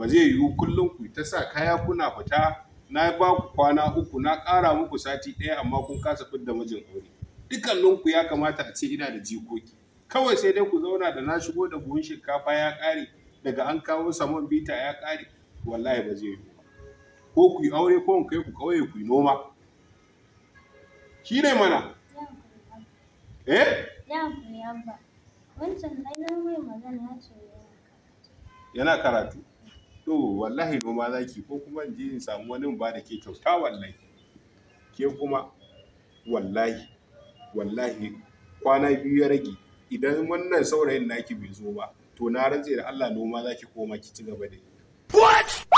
ba zai yiwu kullum ku ta sa kaya kuna fita na ba ku kwana uku na ƙara muku sati ɗaya amma kun kasa fidda mijin aure dukkaninku ya kamata a ce ina da jikoki kawai sai dai ku zauna da na shigo da buhun shinkafa ya ƙare daga an kawo saman bita ya ƙare wallahi ba zai yiwu ko ku yi aure ko kai ku kawai ku yi noma shi ne mana eh yana karatu to wallahi noma zaki ko kuma in je in samu wani ba da ke kyauta wallahi ke kuma wallahi wallahi kwana biyu ya rage idan wannan saurayin naki bai zo ba to na rantse da Allah noma zaki koma ki ci gaba da yi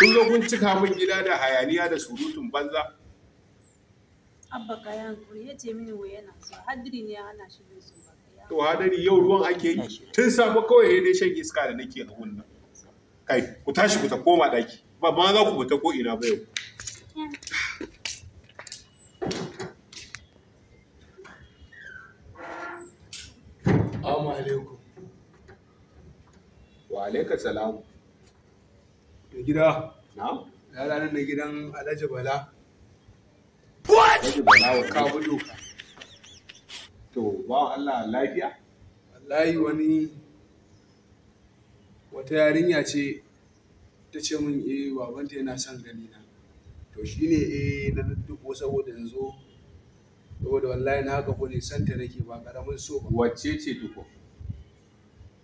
kun zo kun cika min gida da hayaniya da surutun banza abba kayan ko ya ce mini waye na so hadiri ne ya hana shi bai zuwa to hadari yau ruwan ake yi tun safe kawai dai shan iska da nake a wannan kai ku tashi ku ta koma daki ba ba za ku fita ko ina ba yau Assalamu alaikum. Wa alaikum salam. Ke gida? Na? Ya ranar na gidan Alhaji Bala. What? Alhaji Bala wa kawo doka. To, ba Allah lafiya? Wallahi wani wata yarinya ce ta ce min eh babanta yana son gani na to shine eh na dudduko saboda yanzu saboda wallahi na haka ko ne santa nake ba karamin so ba wacce ce duko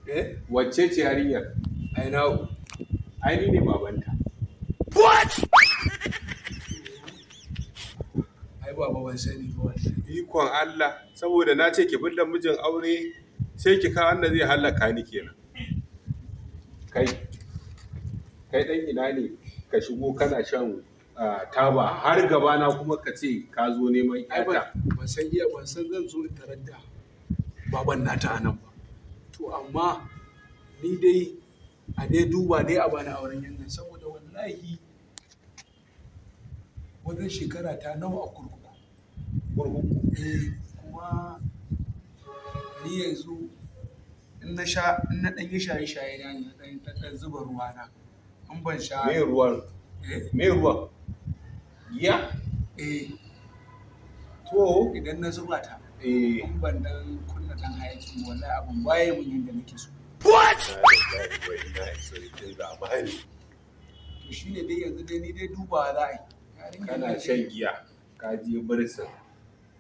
eh wacce ce yarinyar ai na ai ni ne babanta what ai baba ban sani ba ikon Allah saboda na ce ki bullan mijin aure sai ki ka Allah zai halaka ni kenan kai kai dan ina ne ka shigo kana shan taba har gaba na kuma ka ce ka zo neman ƴata ba san iya ban san zan zo in tarar da baban nata anan ba to amma ni dai a dai duba dai a bani auren yannan saboda wallahi wajen shekara ta nawa a kurkuku kurkuku eh, kuma ni yanzu in na sha in na ɗan yi shaye shaye na ne ɗan ɗan zuba ruwa na in ban sha me ruwan eh? me ruwan ya eh to idan na zuba ta eh in ban dan kunna dan hayakin wallahi abun waye mun yanda nake so what to shine dai yanzu dai ni dai dubawa za a yi kana shan giya ka je birsin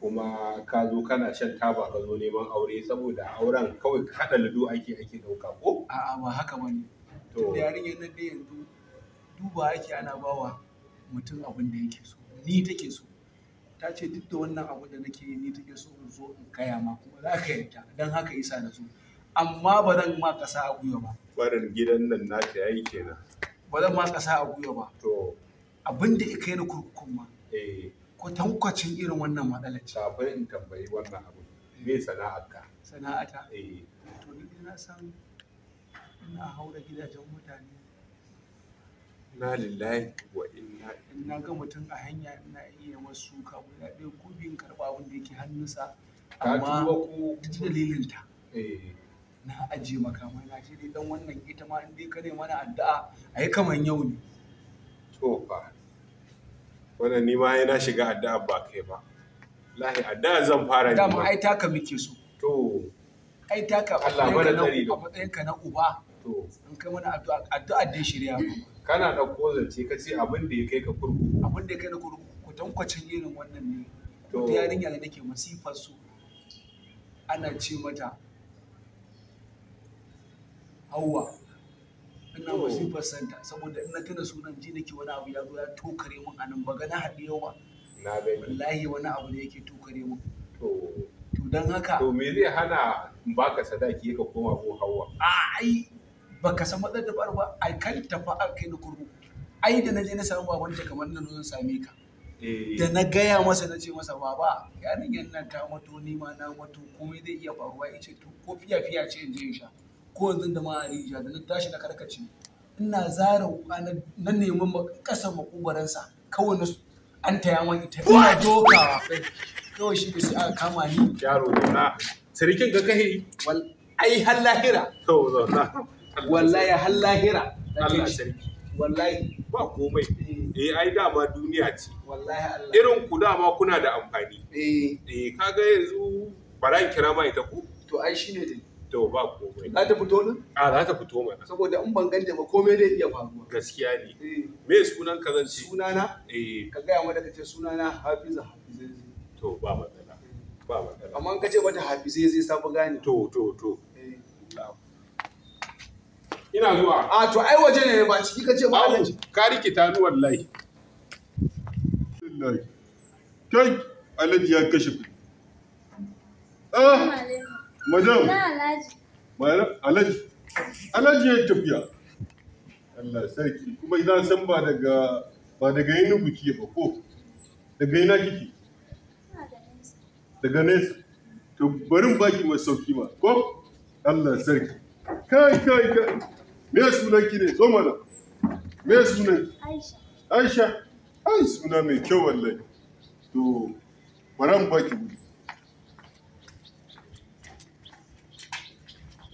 kuma ka zo kana shan taba ka zo neman aure saboda auren kawai kada lado ake ake ɗauka ko? A'a ba haka ba ne. To. Da yarinyar nan dai yanzu duba ake ana bawa mutum abin da yake so ni take so ta ce duk da wannan abu da nake yi ni take so in zo in kaya ma kuma za ka yanta don haka isa na so amma ba zan ma ƙasa a gwiwa ba. Barin gidan nan na ta yayi kenan. Ba zan ma ƙasa a gwiwa ba. To. Abin da ya kai ni kurkukun ma. Eh. kwatankwacin irin wannan matsalar ce. Sabai in tambayi wannan abu me Sana'a ta? Eh. To ni na san ina haura gidajen mutane. Na lillahi wa inna. In na ga mutum a hanya ina iya masu suka guda ɗaya ko biyun karɓa abin da yake hannunsa. Amma duk dalilinta. Eh. Na ajiye makamai na shi dai dan wannan ita ma in dai ka ne mana addu'a a yi kamar yau ne. To fa. wannan ni ma na shiga addu'a ba kai ba lahi addu'a zan fara ne ma ai taka muke so to ai taka Allah mana tsari da matsayin ka na uba to in kai mana addu'a addu'a dai shirya kana da zance ka ce abin da ya kai ka kurkuku abin da ya kai na kurkuku ku tankwacin irin wannan ne to yarinya da nake masifar su ana ce mata Hauwa. ina masifar santa saboda ina tana sunan ji nake wani abu ya zo ya tokare mun a nan baga na haɗe yawa wallahi wani abu ne yake tokare mun to don haka to me zai hana in baka sadaki ka koma ko hawa a ai baka san matsalar da ba ai kan tafa a kai na kurbu ai da naje na samu babanta kamar nan zan same ka eh. da na gaya masa na ce masa baba yarinyar nan ta mato ma na mato komai zai iya faruwa ya ce to ko fiya fiya ce in je in sha ko yanzu da ma a rijiya da na tashi na karkace ina zara wuka na neman ƙasar makobaransa kawai na an taya man ita ina dokawa kawai shi da sai aka kama ni yaro na sarkin ga kai wal ai har lahira to zo na wallahi har lahira Allah sarki wallahi ba komai eh. eh ai dama duniya ce wallahi Allah irin ku dama kuna da amfani eh eh kaga yanzu bara kira mai ta ku to ai shine dai to ba komai za ta fito din a za ta fito mana saboda in ban ganta ba komai zai iya faruwa gaskiya ne eh. me sunan ka zan ce sunana eh ka gaya mata ka ce sunana hafiza hafizai to ba matsala ba matsala amma ka ce mata hafizai zai safi gane to to to eh. ina zuwa a to ai waje ne ba ciki ka ce ba alaji ka rikita ni wallahi kai ya kashe ah madam alhaji alhaji ya tafiya Allah sarki kuma ina san ba daga ba daga yin buki ba ko daga ina kike daga nesa to barin baki mai sauki ma ko Allah sarki kai kai kai me sunan ki ne zo mana me sunan Aisha Aisha ai suna mai kyau wallahi to baran baki wuri